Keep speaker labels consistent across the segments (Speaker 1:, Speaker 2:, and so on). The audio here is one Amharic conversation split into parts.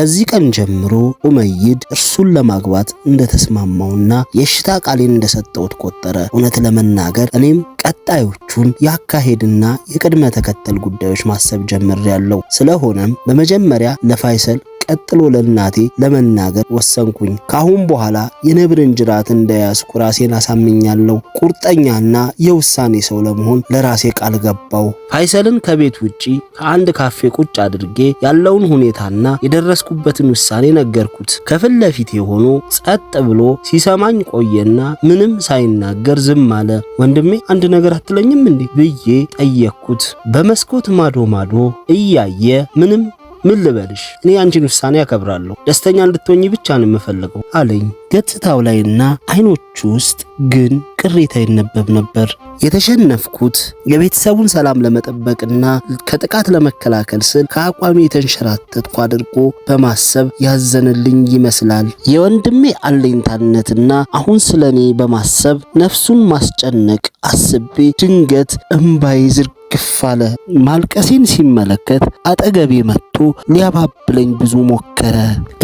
Speaker 1: ከዚህ ቀን ጀምሮ ኡመይድ እርሱን ለማግባት እንደተስማማውና የእሽታ ቃሌን እንደሰጠው ቆጠረ። እውነት ለመናገር እኔም ቀጣዮቹን የአካሄድና የቅድመ ተከተል ጉዳዮች ማሰብ ጀምሬያለሁ። ስለሆነም በመጀመሪያ ለፋይሰል ቀጥሎ ለእናቴ ለመናገር ወሰንኩኝ። ካሁን በኋላ የነብርን ጅራት እንደያዝኩ ራሴን አሳምኛለሁ። ቁርጠኛና የውሳኔ ሰው ለመሆን ለራሴ ቃል ገባው። ፋይሰልን ከቤት ውጪ ከአንድ ካፌ ቁጭ አድርጌ ያለውን ሁኔታና የደረስኩበትን ውሳኔ ነገርኩት። ከፊት ለፊቴ ሆኖ ጸጥ ብሎ ሲሰማኝ ቆየና ምንም ሳይናገር ዝም አለ። ወንድሜ አንድ ነገር አትለኝም እንዴ ብዬ ጠየቅኩት። በመስኮት ማዶ ማዶ እያየ ምንም ምን ልበልሽ፣ እኔ አንቺን ውሳኔ ያከብራለሁ። ደስተኛ እንድትሆኚ ብቻ ነው የምፈልገው አለኝ። ገጽታው ላይና አይኖቹ ውስጥ ግን ቅሬታ ይነበብ ነበር። የተሸነፍኩት የቤተሰቡን ሰላም ለመጠበቅና ከጥቃት ለመከላከል ስል ከአቋሚ የተንሸራተትኩ አድርጎ በማሰብ ያዘንልኝ ይመስላል። የወንድሜ አለኝታነትና አሁን ስለ እኔ በማሰብ ነፍሱን ማስጨነቅ አስቤ ድንገት እምባይ ዝርግፍ አለ። ማልቀሴን ሲመለከት አጠገቤ መጣ። መጥቶ ሊያባብለኝ ብዙ ሞከረ።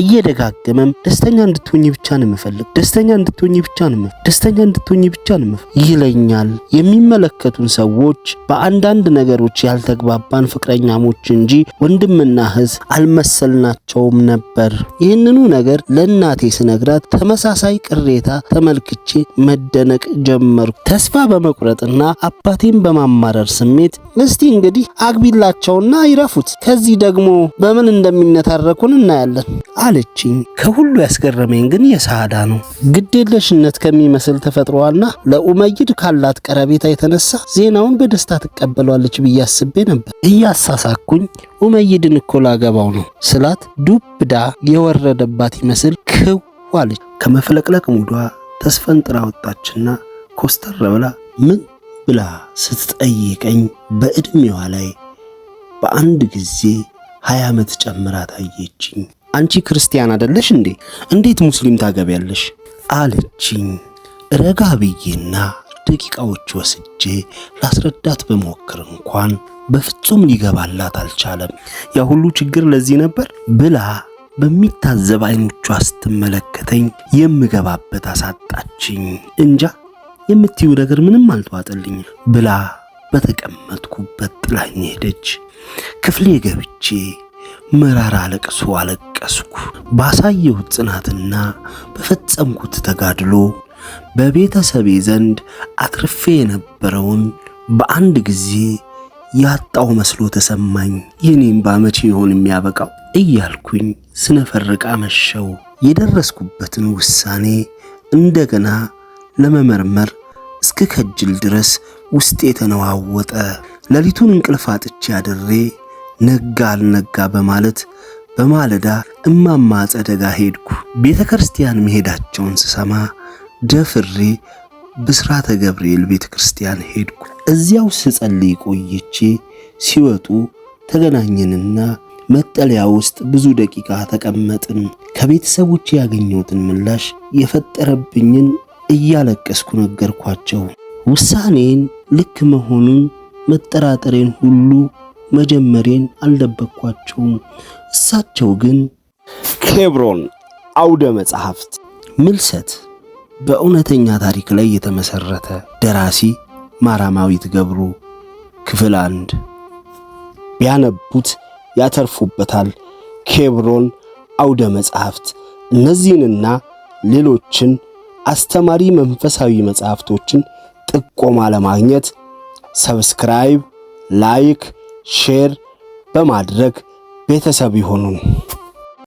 Speaker 1: እየደጋገመም ደስተኛ እንድትሆኝ ብቻ ነው የምፈልግ፣ ደስተኛ እንድትሆኝ ብቻ ነው ደስተኛ እንድትሆኝ ብቻ ነው ይለኛል። የሚመለከቱን ሰዎች በአንዳንድ ነገሮች ያልተግባባን ፍቅረኛሞች እንጂ ወንድምና እህት አልመሰልናቸውም ነበር። ይህንኑ ነገር ለእናቴ ስነግራት ተመሳሳይ ቅሬታ ተመልክቼ መደነቅ ጀመርኩ። ተስፋ በመቁረጥና አባቴን በማማረር ስሜት እስቲ እንግዲህ አግቢላቸውና ይረፉት ከዚህ ደግሞ በምን እንደሚነታረኩን እናያለን አለችኝ። ከሁሉ ያስገረመኝ ግን የሳዳ ነው። ግዴለሽነት ከሚመስል ተፈጥሮዋና ለኡመይድ ካላት ቀረቤታ የተነሳ ዜናውን በደስታ ትቀበሏለች ብዬ አስቤ ነበር። እያሳሳኩኝ ኡመይድን እኮ ላገባው ነው ስላት ዱብዳ የወረደባት ይመስል ክው አለች።
Speaker 2: ከመፍለቅለቅ ሙዷ ተስፈንጥራ ወጣችና ኮስተር ብላ ምን ብላ ስትጠይቀኝ በዕድሜዋ ላይ በአንድ ጊዜ ሀያ ዓመት ጨምራ ታየችኝ።
Speaker 1: አንቺ ክርስቲያን አደለሽ እንዴ? እንዴት ሙስሊም ታገቢያለሽ?
Speaker 2: አለችኝ ረጋ ብዬና ደቂቃዎች ወስጄ ላስረዳት በሞክር እንኳን በፍጹም ሊገባላት አልቻለም። ያ ሁሉ ችግር ለዚህ ነበር ብላ በሚታዘብ አይኖቿ ስትመለከተኝ የምገባበት አሳጣችኝ። እንጃ የምትይው ነገር ምንም አልተዋጠልኝም ብላ በተቀመጥኩበት ጥላኝ ሄደች። ክፍሌ ገብቼ መራራ ለቅሶ አለቀስኩ። ባሳየሁት ጽናትና በፈጸምኩት ተጋድሎ በቤተሰቤ ዘንድ አትርፌ የነበረውን በአንድ ጊዜ ያጣው መስሎ ተሰማኝ። የኔም ባመቼ ይሆን የሚያበቃው እያልኩኝ ስነፈርቅ አመሸው። የደረስኩበትን ውሳኔ እንደገና ለመመርመር እስከ ከጅል ድረስ ውስጤ የተነዋወጠ ሌሊቱን እንቅልፍ አጥቼ አድሬ ነጋ አልነጋ በማለት በማለዳ እማማ ጸደጋ ሄድኩ። ቤተ ክርስቲያን መሄዳቸውን ስሰማ ደፍሬ ብስራተ ገብርኤል ቤተ ክርስቲያን ሄድኩ። እዚያው ስጸልይ ቆይቼ ሲወጡ ተገናኘንና መጠለያ ውስጥ ብዙ ደቂቃ ተቀመጥን። ከቤተሰቦች ያገኘሁትን ምላሽ የፈጠረብኝን እያለቀስኩ ነገርኳቸው። ውሳኔን ልክ መሆኑን መጠራጠሬን ሁሉ መጀመሬን አልደበቅኳቸውም። እሳቸው ግን
Speaker 3: ኬብሮን አውደ መጽሐፍት
Speaker 2: ምልሰት በእውነተኛ ታሪክ ላይ የተመሰረተ ደራሲ ማራማዊት ገብሩ ክፍል አንድ
Speaker 3: ቢያነቡት ያተርፉበታል። ኬብሮን አውደ መጽሐፍት እነዚህንና ሌሎችን አስተማሪ መንፈሳዊ መጽሐፍቶችን ጥቆማ ለማግኘት ሰብስክራይብ፣ ላይክ፣ ሼር በማድረግ ቤተሰብ ይሆኑን።